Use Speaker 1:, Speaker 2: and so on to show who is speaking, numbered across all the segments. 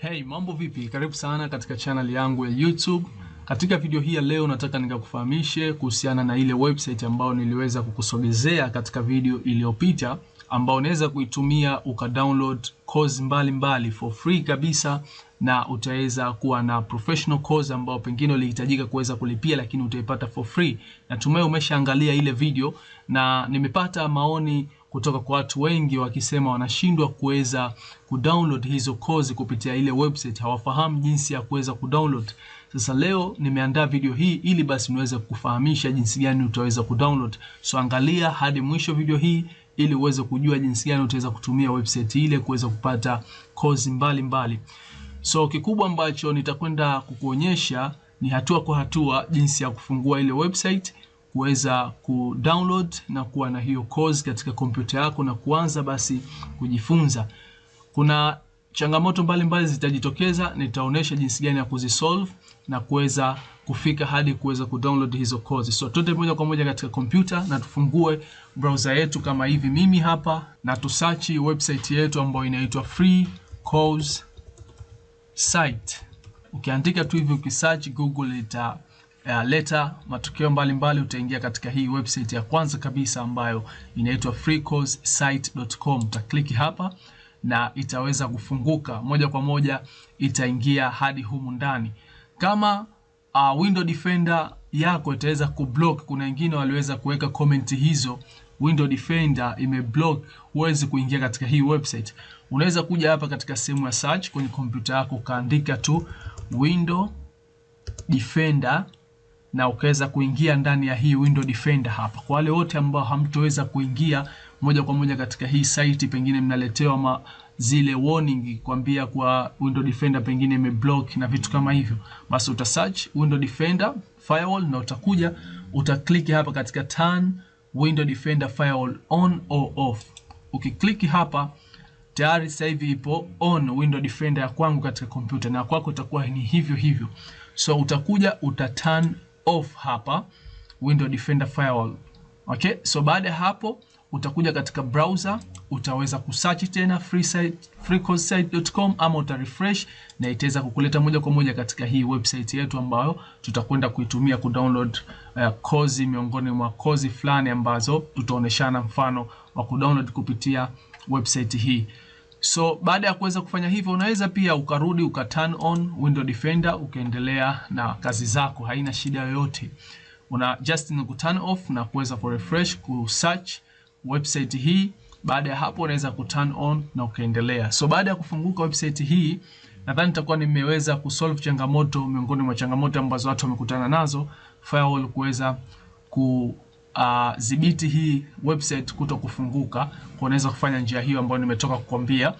Speaker 1: Hey, mambo vipi? Karibu sana katika channel yangu ya YouTube. Katika video hii ya leo nataka nikakufahamishe kuhusiana na ile website ambayo niliweza kukusogezea katika video iliyopita ambayo unaweza kuitumia ukadownload course mbalimbali for free kabisa na utaweza kuwa na professional course ambao pengine ulihitajika kuweza kulipia lakini utaipata for free. Natumai umeshaangalia ile video na nimepata maoni kutoka kwa watu wengi wakisema wanashindwa kuweza kudownload hizo kozi kupitia ile website, hawafahamu jinsi ya kuweza kudownload. Sasa leo nimeandaa video hii ili basi niweze kufahamisha jinsi gani utaweza kudownload. So angalia hadi mwisho video hii ili uweze kujua jinsi gani utaweza kutumia website ile kuweza kupata kozi mbalimbali. So kikubwa ambacho nitakwenda kukuonyesha ni hatua kwa hatua jinsi ya kufungua ile website kuweza kudownload na kuwa na hiyo course katika kompyuta yako na kuanza basi kujifunza. Kuna changamoto mbalimbali zitajitokeza, nitaonesha jinsi gani ya kuzisolve na kuweza kufika hadi kuweza kudownload hizo course. So tute moja kwa moja katika kompyuta na tufungue browser yetu kama hivi mimi hapa na tusachi website yetu ambayo inaitwa Free Course Site. Ukiandika tu hivi ukisearch Google ita uh, leta matukio mbalimbali, utaingia katika hii website ya kwanza kabisa ambayo inaitwa freecoursesite.com. Utakliki hapa na itaweza kufunguka moja kwa moja, itaingia hadi humu ndani. Kama uh, Window Defender yako itaweza kublock, kuna wengine waliweza kuweka comment hizo Window Defender imeblock, huwezi kuingia katika hii website. Unaweza kuja hapa katika sehemu ya search kwenye kompyuta yako ukaandika tu Window Defender na ukaweza kuingia ndani ya hii window defender hapa. Kwa wale wote ambao hamtoweza kuingia moja kwa moja katika hii site, pengine mnaletewa ma zile warning kwambia kwa window defender pengine imeblock na vitu kama hivyo, basi uta search window defender firewall na utakuja utaklik hapa katika turn window defender firewall on or off. Ukiklik hapa tayari sasa hivi ipo on window defender ya kwangu katika kompyuta na kwako itakuwa ni hivyo hivyo, so utakuja uta turn off hapa Window Defender Firewall. Okay, so baada ya hapo utakuja katika browser, utaweza kusearch tena freecodesite.com ama uta refresh na itaweza kukuleta moja kwa moja katika hii website yetu ambayo tutakwenda kuitumia download uh, kozi miongoni mwa kozi fulani ambazo tutaoneshana mfano wa download kupitia website hii. So baada ya kuweza kufanya hivyo, unaweza pia ukarudi uka turn on window defender ukaendelea na kazi zako, haina shida yoyote. Una just ni ku turn off na kuweza ku refresh ku search website hii. Baada ya hapo, unaweza ku turn on na ukaendelea. So baada ya kufunguka website hii, nadhani nitakuwa nimeweza solve changamoto, miongoni mwa changamoto ambazo watu wamekutana nazo firewall kuweza ku uh, hii website kuto kufunguka. Unaweza kufanya njia hiyo ambayo nimetoka kukwambia,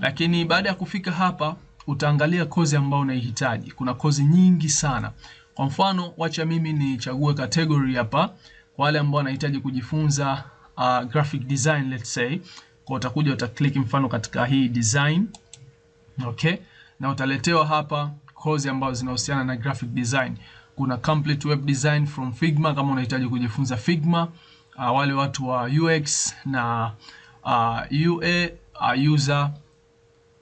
Speaker 1: lakini baada ya kufika hapa utaangalia kozi ambayo unaihitaji. Kuna kozi nyingi sana. Kwa mfano, wacha mimi nichague category hapa kwa wale ambao wanahitaji kujifunza uh, graphic design let's say. Kwa utakuja utaklik mfano katika hii design. Okay? Na utaletewa hapa kozi ambazo zinahusiana na graphic design kuna template web design from Figma kama unahitaji kujifunza Figma. Uh, wale watu wa UX na uh, ah, UA uh, ah, user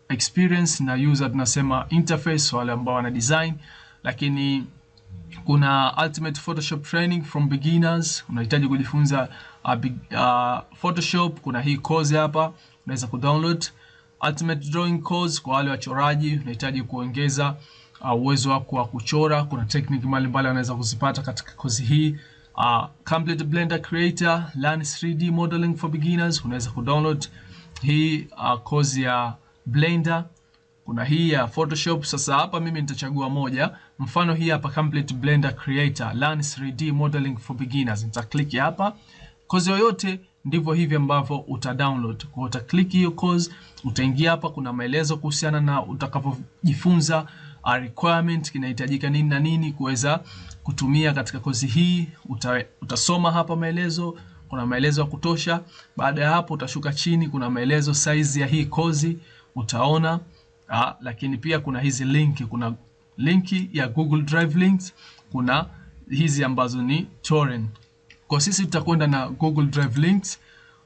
Speaker 1: experience na user tunasema interface, wale ambao wana design. Lakini kuna ultimate Photoshop training from beginners, unahitaji kujifunza uh, uh, Photoshop. Kuna hii course hapa unaweza kudownload ultimate drawing course kwa wale wachoraji, unahitaji kuongeza uh, uwezo wako wa kuchora. Kuna technique mbalimbali wanaweza kuzipata katika kozi hii. Uh, Complete Blender Creator, Learn 3D Modeling for Beginners, unaweza kudownload hii uh, kozi ya Blender. Kuna hii ya Photoshop. Sasa hapa mimi nitachagua moja, mfano hii hapa Complete Blender Creator, Learn 3D Modeling for Beginners. Nitakliki hapa. Kozi yoyote ndivyo hivi ambavyo uta download. Kwa utaklik hiyo course, utaingia hapa, kuna maelezo kuhusiana na utakapojifunza, requirement kinahitajika nini na nini kuweza kutumia katika kozi hii. Uta, utasoma hapa maelezo, kuna maelezo ya kutosha. Baada ya hapo, utashuka chini, kuna maelezo size ya hii kozi utaona ha, lakini pia kuna hizi linki, kuna linki ya Google Drive links, kuna hizi ambazo ni torrent. Kwa sisi tutakwenda na Google Drive links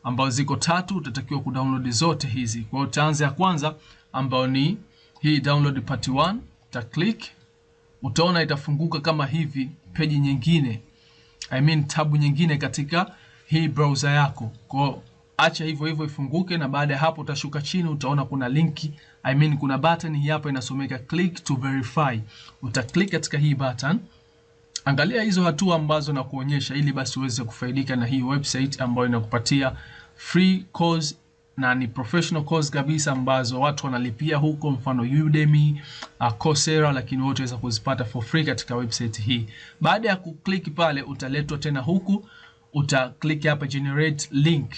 Speaker 1: ambazo ziko tatu, utatakiwa kudownload zote hizi. Kwa hiyo utaanza ya kwanza ambayo ni hii download part 1 uta click utaona itafunguka kama hivi peji nyingine I mean tabu nyingine katika hii browser yako. Kwa acha hivyo hivyo ifunguke, na baada ya hapo utashuka chini, utaona kuna linki I mean kuna button hii hapa inasomeka click to verify. Uta click katika hii button. Angalia hizo hatua ambazo nakuonyesha, ili basi uweze kufaidika na hii website ambayo inakupatia free course na ni professional course kabisa ambazo watu wanalipia huko, mfano Udemy, uh, Coursera, lakini wote waweza kuzipata for free katika website hii. Baada ya kuklik pale, utaletwa tena huku, uta click hapa generate link.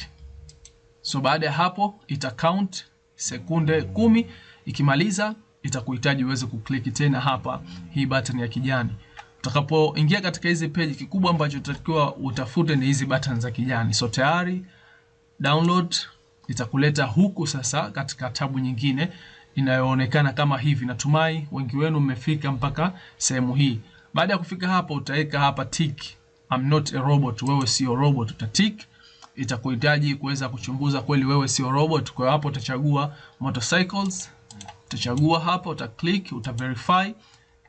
Speaker 1: So baada ya hapo ita count sekunde kumi, ikimaliza itakuhitaji uweze kuklik tena hapa hii button ya kijani. Utakapoingia katika hizi page, kikubwa ambacho utatakiwa utafute ni hizi button za kijani. So tayari download itakuleta huku sasa katika tabu nyingine inayoonekana kama hivi. Natumai wengi wenu mmefika mpaka sehemu hii. Baada ya kufika hapa, utaweka hapa tick, I'm not a robot, wewe sio robot, uta tick. Itakuhitaji kuweza kuchunguza kweli wewe sio robot. Kwa hapo utachagua motorcycles, utachagua hapa, uta click, uta verify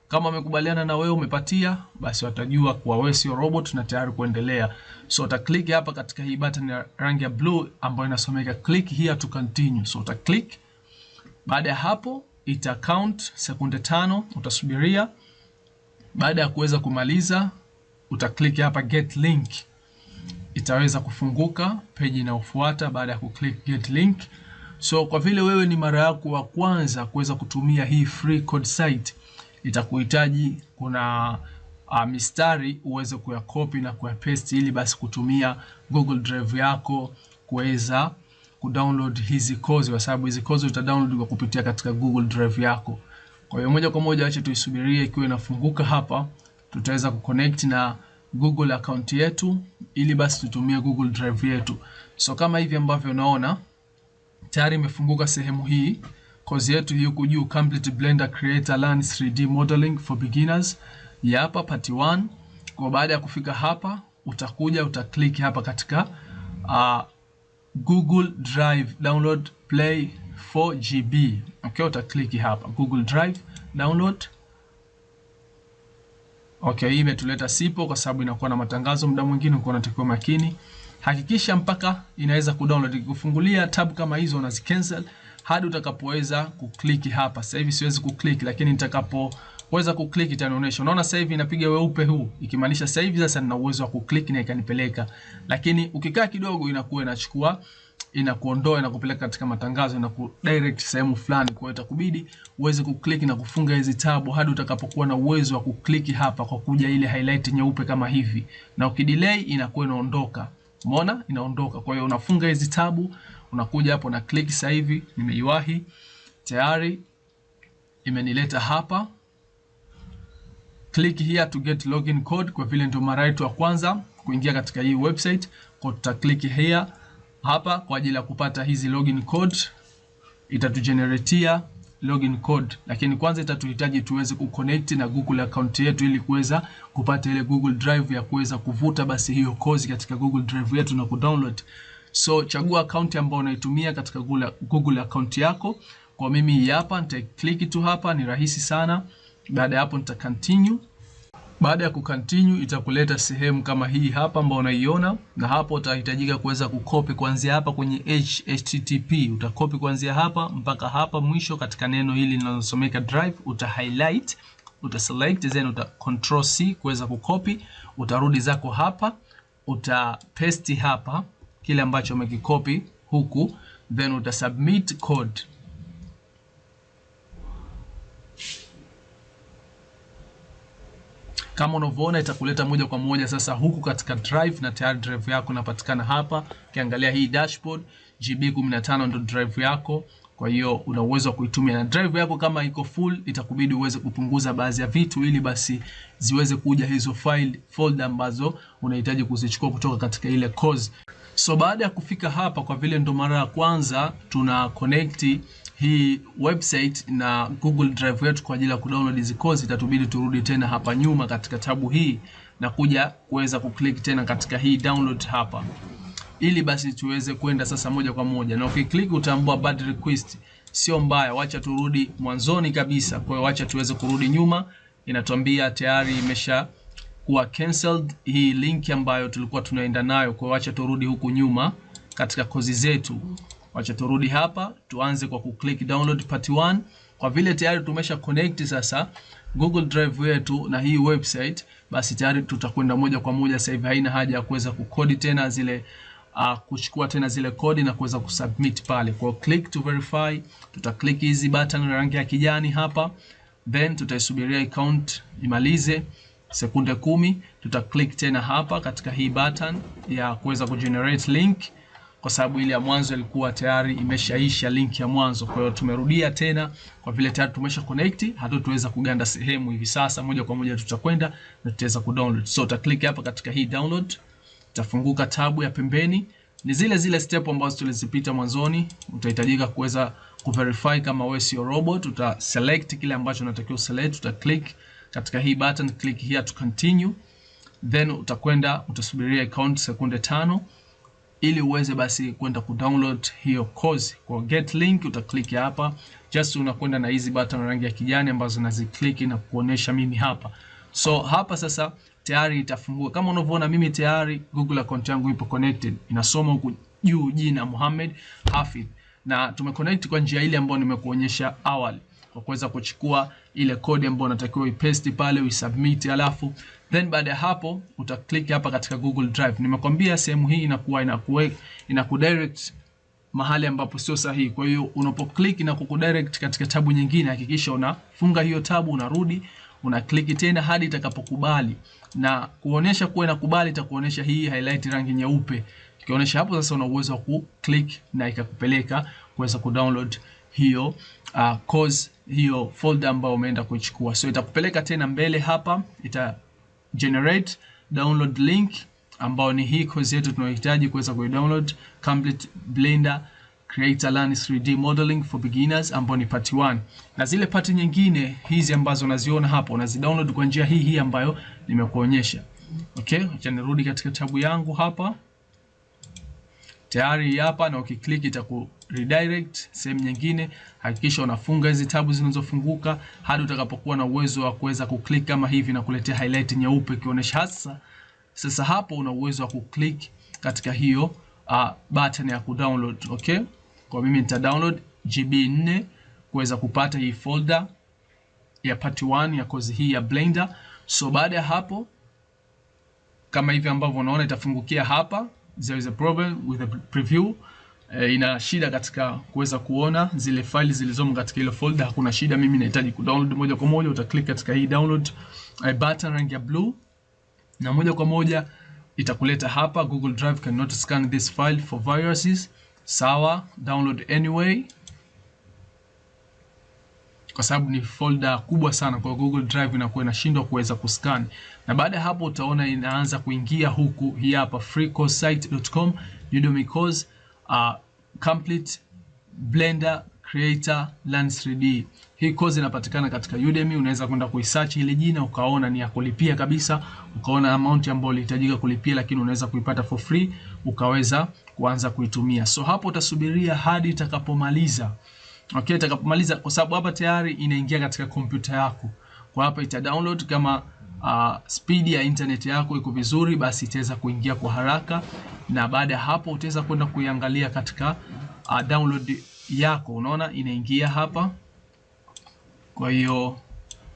Speaker 1: kama wamekubaliana na wewe umepatia, basi watajua kuwa wewe sio robot na tayari kuendelea. So uta click hapa katika hii button ya rangi ya blue ambayo inasomeka click here to continue. So uta click. Baada ya hapo ita count sekunde tano, utasubiria. Baada ya kuweza kumaliza uta click hapa get link. Itaweza kufunguka peji inayofuata baada ya kuclick get link. So kwa vile wewe ni mara yako ya kwanza kuweza kutumia hii free code site itakuhitaji kuna uh, mistari uweze kuyakopi na kuyapaste, ili basi kutumia Google Drive yako kuweza kudownload hizi kozi, kwa sababu hizi kozi utadownload kwa kupitia katika Google Drive yako. Kwa hiyo moja kwa moja, acha tuisubirie ikiwa inafunguka hapa, tutaweza kuconnect na Google account yetu ili basi tutumie Google Drive yetu. So kama hivi ambavyo unaona tayari imefunguka sehemu hii. Kozi yetu hii huku juu Complete Blender Creator Learn 3D Modeling for Beginners ya hapa part 1. Kwa baada ya kufika hapa utakuja utaklik hapa katika uh, Google Drive download play 4GB. Okay, utaklik hapa Google Drive download. Okay, hii imetuleta sipo kwa sababu inakuwa na matangazo muda mwingine, uko unatakiwa makini. Hakikisha mpaka inaweza kudownload. Kufungulia tab kama hizo unazicancel cancel hadi utakapoweza kukliki hapa. Sasa hivi siwezi kukliki, lakini nitakapoweza kukliki itanionyesha. Unaona sasa hivi inapiga weupe huu, ikimaanisha sasa hivi sasa nina uwezo wa kuklik na ikanipeleka. Lakini ukikaa kidogo, inakuwa inachukua inakuondoa inakupeleka katika matangazo na direct sehemu fulani. Kwa hiyo itakubidi uweze kuklik na kufunga hizi tabu hadi utakapokuwa na uwezo wa kuklik hapa kwa kuja ile highlight nyeupe kama hivi, na ukidelay inakuwa inaondoka. Umeona, inaondoka. Kwa hiyo unafunga hizi tabu unakuja hapo na click. Sasa hivi nimeiwahi tayari, imenileta hapa. Click here to get login code, kwa vile ndio mara yetu ya kwanza kuingia katika hii website, kwa tuta click here hapa kwa ajili ya kupata hizi login code, itatugeneratea login code, lakini kwanza itatuhitaji tuweze kuconnect na Google account yetu ili kuweza kupata ile Google Drive ya kuweza kuvuta basi hiyo kozi katika Google Drive yetu na kudownload. So chagua akaunti ambayo unaitumia katika Google, Google account yako. Kwa mimi hapa nita click tu hapa, ni rahisi sana. Baada ya hapo nita continue. Baada ya kucontinue itakuleta sehemu kama hii hapa ambayo unaiona, na hapo utahitajika kuweza kukopi kuanzia hapa kwenye http. Utakopi kuanzia hapa mpaka hapa mwisho katika neno hili linalosomeka drive, uta highlight, uta select, then uta control c kuweza kukopi. Utarudi zako hapa, uta paste hapa kile ambacho umekikopi huku, then uta submit code kama unavyoona itakuleta moja kwa moja sasa huku katika drive, na tayari drive yako inapatikana hapa. Ukiangalia hii dashboard GB 15 ndio drive yako, kwa hiyo una uwezo wa kuitumia. Na drive yako kama iko full, itakubidi uweze kupunguza baadhi ya vitu, ili basi ziweze kuja hizo file folder ambazo unahitaji kuzichukua kutoka katika ile cause. So baada ya kufika hapa, kwa vile ndo mara ya kwanza tuna connect hii website na Google Drive yetu kwa ajili ya kudownload hizi course, itatubidi turudi tena hapa nyuma katika tabu hii na kuja kuweza kuclick tena katika hii download hapa, ili basi tuweze kwenda sasa moja kwa moja, na ukiklik utaambua bad request. Sio mbaya, wacha turudi mwanzoni kabisa. Kwa hiyo wacha tuweze kurudi nyuma, inatuambia tayari imesha kuwa cancelled hii link ambayo tulikuwa tunaenda nayo. Kwa wacha turudi huku nyuma katika kozi zetu, wacha turudi hapa, tuanze kwa kuclick download part 1. Kwa vile tayari tumesha connect sasa Google Drive yetu na hii website, basi tayari tutakwenda moja kwa moja sasa hivi, haina haja ya kuweza kukodi tena zile uh, kuchukua tena zile kodi na kuweza kusubmit pale. Kwa click to verify, tuta click hizi button rangi ya kijani hapa, then tutaisubiria account imalize sekunde kumi. Tuta click tena hapa katika hii button ya kuweza kugenerate link kwa sababu ile ya mwanzo ilikuwa tayari imeshaisha link ya mwanzo. Kwa hiyo tumerudia tena, kwa vile tayari tumesha connect, hatutuweza kuganda sehemu hivi sasa. Moja kwa moja tutakwenda na tutaweza ku download. So uta click hapa katika hii download, itafunguka tabu ya pembeni. Ni zile zile step ambazo tulizipita mwanzoni. Utahitajika kuweza kuverify kama wewe sio robot. Uta select kile ambacho unatakiwa select, uta click katika hii button, click here to continue, then utakwenda utasubiria account sekunde tano ili uweze basi kwenda ku download hiyo course. Kwa get link uta click hapa, just unakwenda na hizi button rangi ya kijani ambazo click na kuonesha mimi hapa. So hapa sasa tayari itafungua kama unavyoona mimi tayari Google account yangu ipo connected, inasoma huku juu jina Muhammad Hafidh na tumeconnect kwa njia ile ambayo nimekuonyesha awali kwa kuweza kuchukua ile kodi ambayo unatakiwa uipaste pale uisubmit, alafu then baada ya hapo uta click hapa katika Google Drive. Nimekwambia sehemu hii inakuwa inakuwe inakudirect mahali ambapo sio sahihi. Kwa hiyo unapo click na kukudirect katika tabu nyingine, hakikisha unafunga hiyo tabu, unarudi una click tena hadi itakapokubali, na kuonesha kuwa inakubali itakuonesha hii highlight rangi nyeupe. Ukionyesha hapo sasa, una uwezo wa ku click na ikakupeleka kuweza ku download hiyo uh, course hiyo folder ambayo umeenda kuchukua. So itakupeleka tena mbele hapa, ita generate download link ambao ni hii course yetu tunayohitaji kuweza kuidownload Complete Blender Creator Learn 3D Modeling for Beginners ambao ni part 1. Na zile part nyingine hizi ambazo unaziona hapa unazidownload kwa njia hii hii ambayo nimekuonyesha. Okay, acha nirudi katika tabu yangu hapa. Tayari hapa na ukiklik itaku redirect sehemu nyingine. Hakikisha unafunga hizi tabu zinazofunguka hadi utakapokuwa na uwezo wa kuweza kuklik kama hivi na kuletea highlight nyeupe ikionyesha hasa sasa. Hapo una uwezo wa kuklik katika hiyo uh, button ya kudownload. Okay, kwa mimi nita download GB 4 kuweza kupata hii folder ya part 1 ya kozi hii ya Blender. So baada ya hapo kama hivi ambavyo unaona itafungukia hapa, there is a problem with the preview e, ina shida katika kuweza kuona zile faili zilizomo katika ile folder. Hakuna shida, mimi nahitaji ku download moja kwa moja. Uta click katika hii download eh, button rangi ya blue, na moja kwa moja itakuleta hapa, Google Drive cannot scan this file for viruses. Sawa, download anyway kwa sababu ni folder kubwa sana, kwa Google Drive inakuwa inashindwa kuweza kuscan. Na baada ya hapo, utaona inaanza kuingia huku. Hii hapa freecourse Udemy course uh, complete Blender Creator Learn 3D. Hii course inapatikana katika Udemy, unaweza kwenda kuisearch ile jina ukaona ni ya kulipia kabisa, ukaona amount ambayo ulihitajika kulipia, lakini unaweza kuipata for free ukaweza kuanza kuitumia. So hapo utasubiria hadi itakapomaliza. Okay, itakapomaliza kwa sababu hapa tayari inaingia katika kompyuta yako. Kwa hapa ita download kama uh, speed ya internet yako iko vizuri, basi itaweza kuingia kwa haraka na baada ya hapo utaweza kwenda kuiangalia katika uh, download yako. Unaona inaingia hapa, kwa hiyo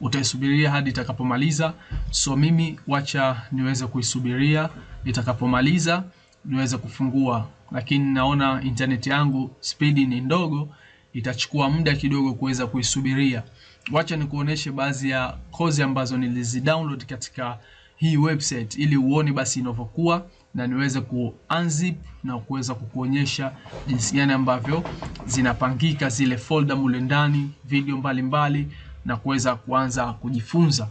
Speaker 1: utaisubiria hadi itakapomaliza. So mimi wacha niweze kuisubiria itakapomaliza niweze kufungua, lakini naona intaneti yangu spidi ni ndogo, itachukua muda kidogo kuweza kuisubiria. Wacha nikuoneshe baadhi ya kozi ambazo nilizidownload katika hii website ili uone basi inavyokuwa na niweze kuunzip na kuweza kukuonyesha jinsi gani ambavyo zinapangika zile folder mule ndani, video mbalimbali mbali, na kuweza kuanza kujifunza.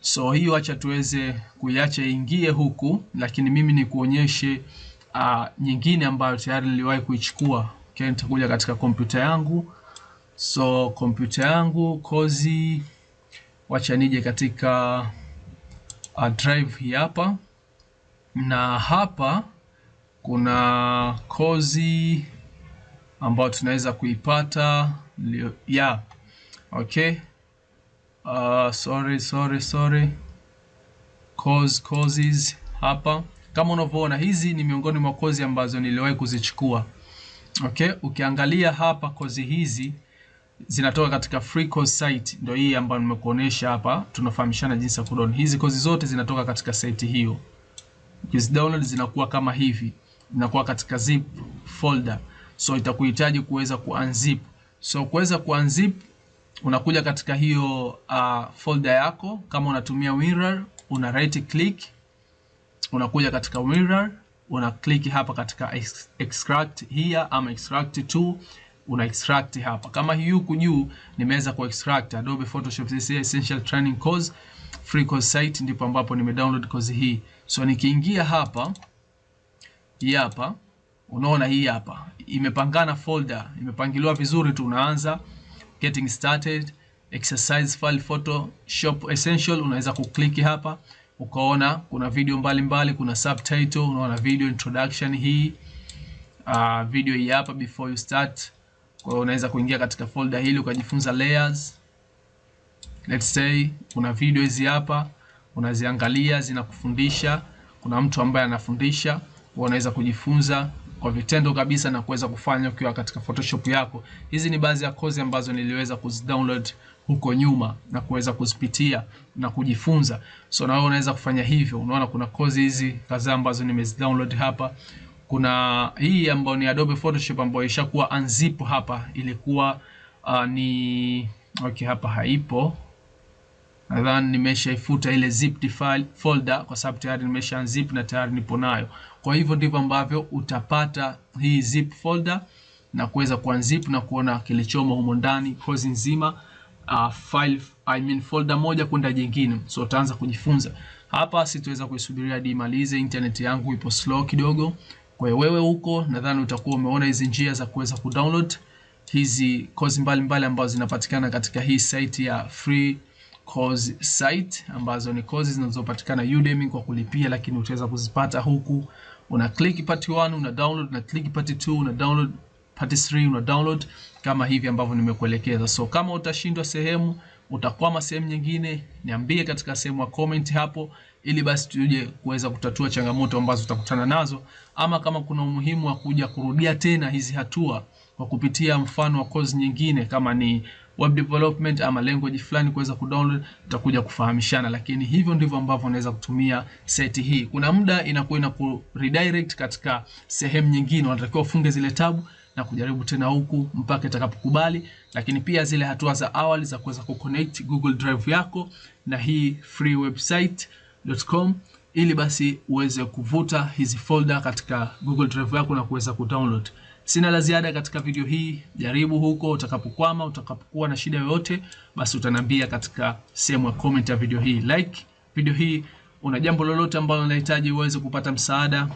Speaker 1: So hiyo acha tuweze kuiacha ingie huku, lakini mimi nikuonyeshe uh, ah, nyingine ambayo tayari niliwahi kuichukua. Okay, nitakuja katika kompyuta yangu. So kompyuta yangu kozi, wacha nije katika uh, drive hii hapa na hapa kuna kozi ambayo tunaweza kuipata ya yeah. Okay, uh, sorry sorry sorry cause causes hapa kama unavyoona hizi ni miongoni mwa kozi ambazo niliwahi kuzichukua. Okay, ukiangalia hapa kozi hizi zinatoka katika free course site, ndio hii ambayo nimekuonesha hapa. Tunafahamishana jinsi ya kudown. hizi kozi zote, zinatoka katika site hiyo hizi download zinakuwa kama hivi, zinakuwa katika zip folder, so itakuhitaji kuweza kuunzip. So kuweza kuunzip, unakuja katika hiyo uh, folder yako. Kama unatumia WinRAR, una right click, unakuja katika WinRAR, una click hapa katika extract here ama extract to una extract hapa kama hii huku juu nimeweza ku extract Adobe Photoshop CC Essential Training Course free course site, ndipo ambapo nime download course hii. So nikiingia hapa hii hapa, unaona hii hapa imepangana folder, imepangiliwa vizuri. tu. Unaanza getting started, exercise file, photoshop essential. Unaweza kuklik hapa ukaona kuna video mbalimbali mbali, kuna subtitle, unaona video introduction hii uh, video hii hapa before you start. Kwa hiyo unaweza kuingia katika folder hili ukajifunza layers, let's say kuna video hizi hapa unaziangalia zinakufundisha. Kuna mtu ambaye anafundisha, unaweza kujifunza kwa vitendo kabisa na kuweza kufanya ukiwa katika Photoshop yako. Hizi ni baadhi ya kozi ambazo niliweza kuzidownload huko nyuma na kuweza kuzipitia na kujifunza. So na wewe unaweza kufanya hivyo. Unaona kuna kozi hizi kadhaa ambazo nimezidownload hapa. Kuna hii ambayo ni Adobe Photoshop ambayo ishakuwa unzip hapa, ilikuwa uh, ni okay, hapa haipo nadhani nimeshaifuta ile zipped file folder kwa sababu tayari nimesha unzip na tayari nipo nayo. Kwa hivyo ndivyo ambavyo utapata hii zip folder na kuweza kuunzip na kuona kilichomo humo ndani kozi nzima uh, file I mean folder moja kwenda jingine. So utaanza kujifunza hapa, sitoweza kuisubiria hadi imalize. Internet yangu ipo slow kidogo, kwa hiyo wewe huko, nadhani utakuwa umeona hizi njia za kuweza kudownload hizi kozi mbalimbali ambazo zinapatikana katika hii site ya free course site ambazo ni courses zinazopatikana Udemy kwa kulipia, lakini utaweza kuzipata huku. Una click part 1 una download, una click part 2 una download, part 3 una download kama hivi ambavyo nimekuelekeza. So kama utashindwa sehemu, utakwama sehemu nyingine, niambie katika sehemu ya comment hapo, ili basi tuje kuweza kutatua changamoto ambazo utakutana nazo, ama kama kuna umuhimu wa kuja kurudia tena hizi hatua kwa kupitia mfano wa course nyingine kama ni web development ama language fulani kuweza kudownload, tutakuja kufahamishana, lakini hivyo ndivyo ambavyo unaweza kutumia seti hii. Kuna muda inakuwa ina redirect katika sehemu nyingine, unatakiwa ufunge zile tabu na kujaribu tena huku mpaka itakapokubali, lakini pia zile hatua za awali za kuweza kuconnect Google Drive yako na hii freewebsite.com ili basi uweze kuvuta hizi folder katika Google Drive yako na kuweza kudownload. Sina la ziada katika video hii. Jaribu huko, utakapokwama, utakapokuwa na shida yoyote, basi utanambia katika sehemu ya comment ya video hii. Like video hii. Una jambo lolote ambalo unahitaji uweze kupata msaada,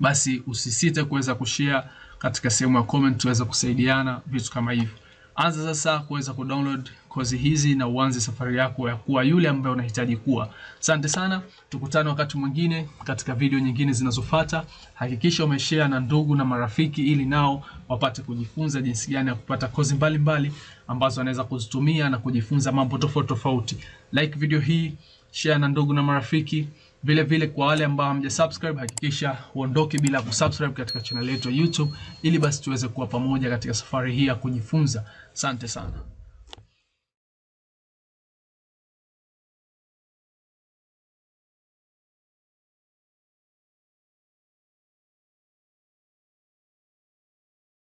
Speaker 1: basi usisite kuweza kushare katika sehemu ya comment, tuweze kusaidiana vitu kama hivi. Anza sasa kuweza kudownload kozi hizi na uanze safari yako ya kuwa yule ambaye unahitaji kuwa. Asante sana, tukutane wakati mwingine katika video nyingine zinazofuata. Hakikisha umeshare na ndugu na marafiki, ili nao wapate kujifunza jinsi gani ya kupata kozi mbalimbali mbali, ambazo wanaweza kuzitumia na kujifunza mambo tofauti tofauti. Like video hii, share na ndugu na marafiki. Vile vile kwa wale ambao subscribe, hakikisha uondoke bila kusubscribe katika channel yetu ya YouTube, ili basi tuweze kuwa pamoja katika safari hii ya kujifunza. Asante sana.